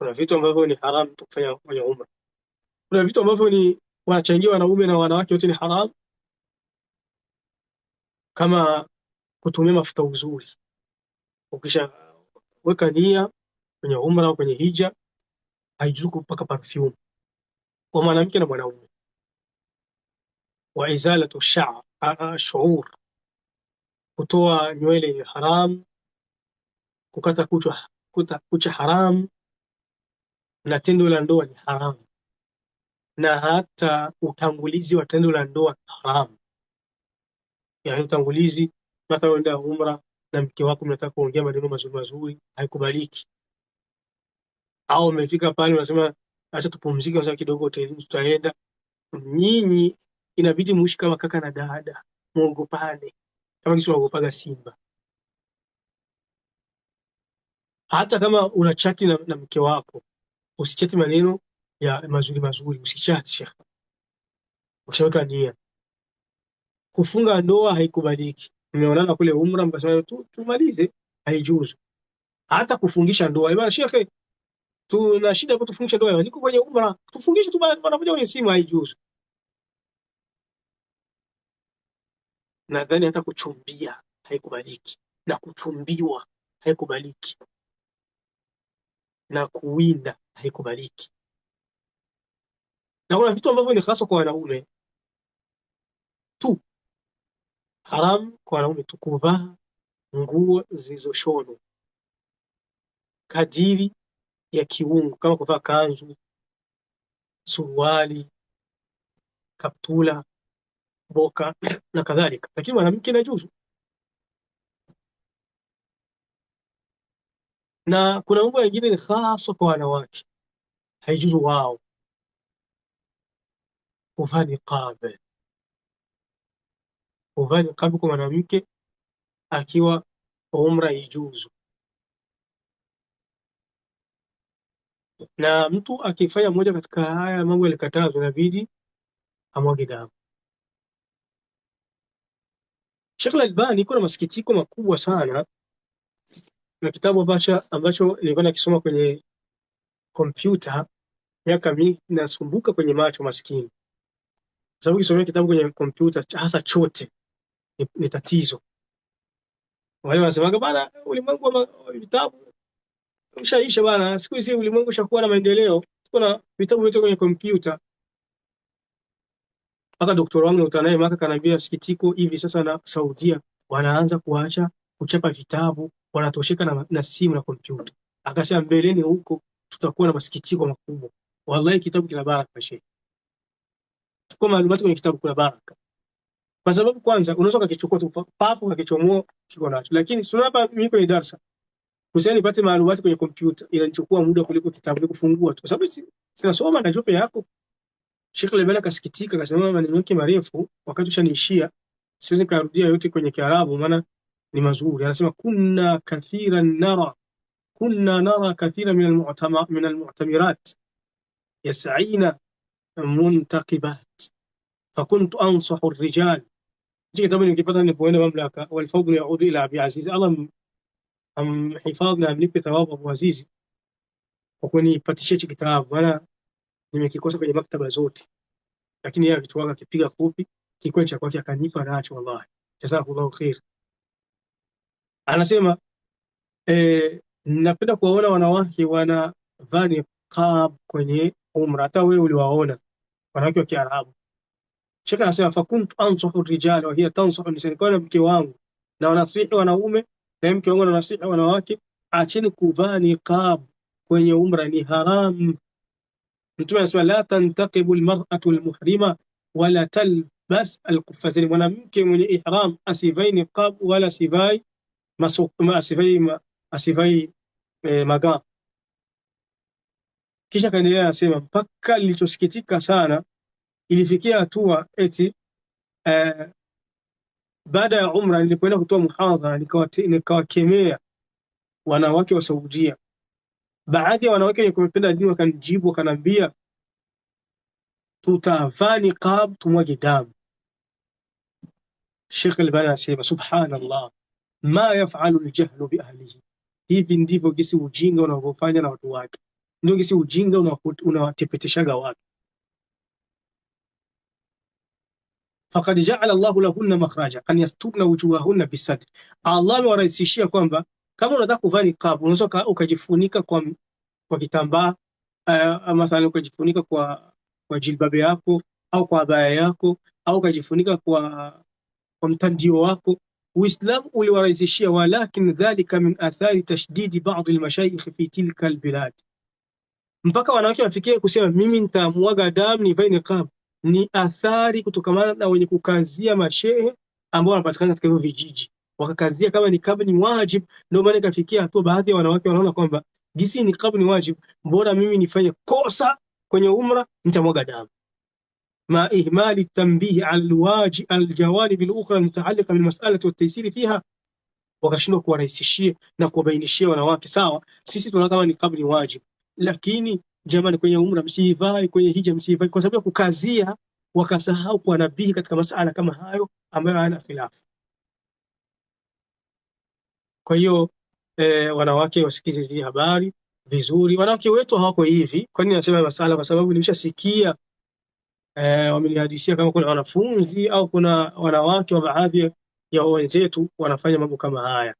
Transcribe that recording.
Kuna vitu ambavyo ni haramu kufanya kwenye umra. Kuna vitu ambavyo ni wanachangia wanaume na wanawake wote ni haramu, kama kutumia mafuta uzuri. Ukisha weka nia kwenye umra au kwenye hija, haijuzu kupaka perfume kwa mwanamke na mwanaume. Wa izalatu shuur, kutoa nywele haramu, kukata kucha haramu na tendo la ndoa ni haramu na hata utangulizi wa tendo la ndoa ni haramu. Yani utangulizi, mathalan unaenda umra na mke wako mnataka kuongea maneno mazuri mazuri, haikubaliki. Au umefika pale unasema acha tupumzike kwa kidogo, hotelini tutaenda. Nyinyi inabidi muishi kama kaka na dada, muogopane kama kisi unaogopaga simba. Hata kama una chati na, na mke wako usichati maneno ya mazuri mazuri, usichati shekhe, ushaweka nia. Kufunga ndoa haikubaliki. Mmeonana kule umra, mkasema tu tumalize, haijuzu. Hata kufungisha ndoa eh, bwana shekhe, tuna shida hapo, tufungisha ndoa, niko kwenye umra, tufungishe tu bwana, kwenye simu, haijuzu. Nadhani hata kuchumbia haikubaliki na kuchumbiwa haikubaliki na kuwinda haikubaliki, na kuna vitu ambavyo ni hasa kwa wanaume tu, haramu kwa wanaume tu kuvaa nguo zilizoshonwa kadiri ya kiungu kama kuvaa kanzu, suruali, kaptula, boka na kadhalika, lakini mwanamke inajuzu. Na kuna mambo mengine ni hasa kwa wanawake haijuzu wao kuvaa niqab kuvaa niqab kwa mwanamke akiwa umra ijuzu na mtu akifanya moja katika haya mambo yalikatazwa inabidi amwage damu Sheikh Al-Albani iko na masikitiko makubwa sana na kitabu ambacho ambacho nilikuwa nakisoma kwenye kompyuta miaka mingi inasumbuka kwenye macho maskini, kwa sababu ukisomea kitabu kwenye kompyuta hasa chote ni, ni tatizo. Wale wanasemaga bana, ulimwengu wa vitabu ushaisha bana, siku hizi ulimwengu ushakuwa na maendeleo, tuko na vitabu vyote kwenye kompyuta. Mpaka doktora wangu nakutana naye Maka kanaambia sikitiko, hivi sasa na Saudia wanaanza kuacha kuchapa vitabu, wanatosheka na, na simu na kompyuta. Akasema mbeleni huko tutakuwa na masikitiko makubwa. Wallahi, kitabu kina baraka kwa shehe, kwa maalumati kwenye kitabu kuna baraka, kwa sababu kwanza unaweza ukakichukua tu papo ukakichomoa kiko nacho, lakini sio hapa. Mimi kwenye darasa kusema nipate maalumati kwenye kompyuta inanichukua muda kuliko kitabu kufungua tu, kwa sababu sinasoma na jope yako. Sheikh Lebana akasikitika, akasema maneno yake marefu, wakati ushaniishia, siwezi kurudia yote kwenye Kiarabu, maana ni mazuri. Anasema kunna kathiran nara kunna nara kathira min almutamirat yasina muntakibat fakuntu ansahu rijal hichi kitabu nikipata nilipoenda mamlaka, walfadlu yaudu ila abi aziz. Allah amhifadhi na amlipe thawabu Abu Azizi kwa kunipatisha hichi kitabu, maana nimekikosa kwenye maktaba zote, lakini yeye akituaga akipiga kopi kikwecha kwake akanipa nacho. Wallahi, jazakallahu khair. Anasema eh, Napenda kuwaona wanawake wanavaa niqab kwenye umra. Hata wewe uliwaona wanawake wa Kiarabu. Sheikh anasema fakuntu ansahu rijala wa hiya tansahu nisa, nikawa na mke wangu na wanasihi wanaume na mke wangu anawasihi wanawake, acheni kuvaa niqab kwenye umra, ni haram. Mtume anasema la tantaqibu almar'atu almuhrima wala talbas alquffatain, mwanamke mwenye ihram asivai niqab wala asivai asivai e, eh, maga. Kisha kaendelea anasema, mpaka nilichosikitika sana ilifikia hatua eti e, baada ya umra nilipoenda kutoa muhadhara nikawakemea wanawake wa Saudia. Baadhi ya wanawake wenye kupenda dini wakanijibu wakanambia tutavaa niqab tumwage damu. Sheikh Albani anasema subhanallah ma yafalu ljahlu biahlihi Hivi ndivyo gisi ujinga unavyofanya na watu wake, ndio gisi ujinga unawatepeteshaga watu. Fakad jaala Allahu lahunna makhraja an yasturna wujuhahunna bisatr, Allah amewarahisishia kwamba kama unataka kuvaa niqab unaweza ukajifunika kwa, kwa kitambaa uh, mathalan ukajifunika kwa, kwa jilbabe yako au kwa abaya yako au ukajifunika kwa, kwa mtandio wako Uislamu uliwarahisishia, walakin dhalika min athari tashdidi badi lmashaikhi fi tilka albilad, mpaka wanawake wafikie kusema mimi nitamwaga damu vaini niqab. Ni athari kutokamana na wenye kukazia mashehe ambao wanapatikana katika hiyo vijiji, wakakazia kama niqab ni wajib. Ndio maana ikafikia hatua baadhi ya wanawake wanaona kwamba jinsi niqab ni wajib, bora mimi nifanye kosa kwenye umra, nitamwaga damu مع إهمال التنبيه على الجوانب الأخرى المتعلقة بالمسألة والتيسير فيها, wakashindwa kuwarahisishia na kuwabainishia wanawake. Sawa, sisi tunaona kama ni قبل واجب لكن جمال كوني عمر msiivai, kwenye hija msiivai, kwa sababu ya kukazia, wakasahau kuwanabihi katika masala kama hayo ambayo hayana khilafu. Kwa hiyo eh, wanawake wasikize hii habari vizuri. Wanawake wetu hawako hivi. Kwa nini nasema masala? Kwa sababu nimeshasikia eh, wameniadishia kama kuna wanafunzi au kuna wanawake wa baadhi ya wenzetu wanafanya mambo kama haya.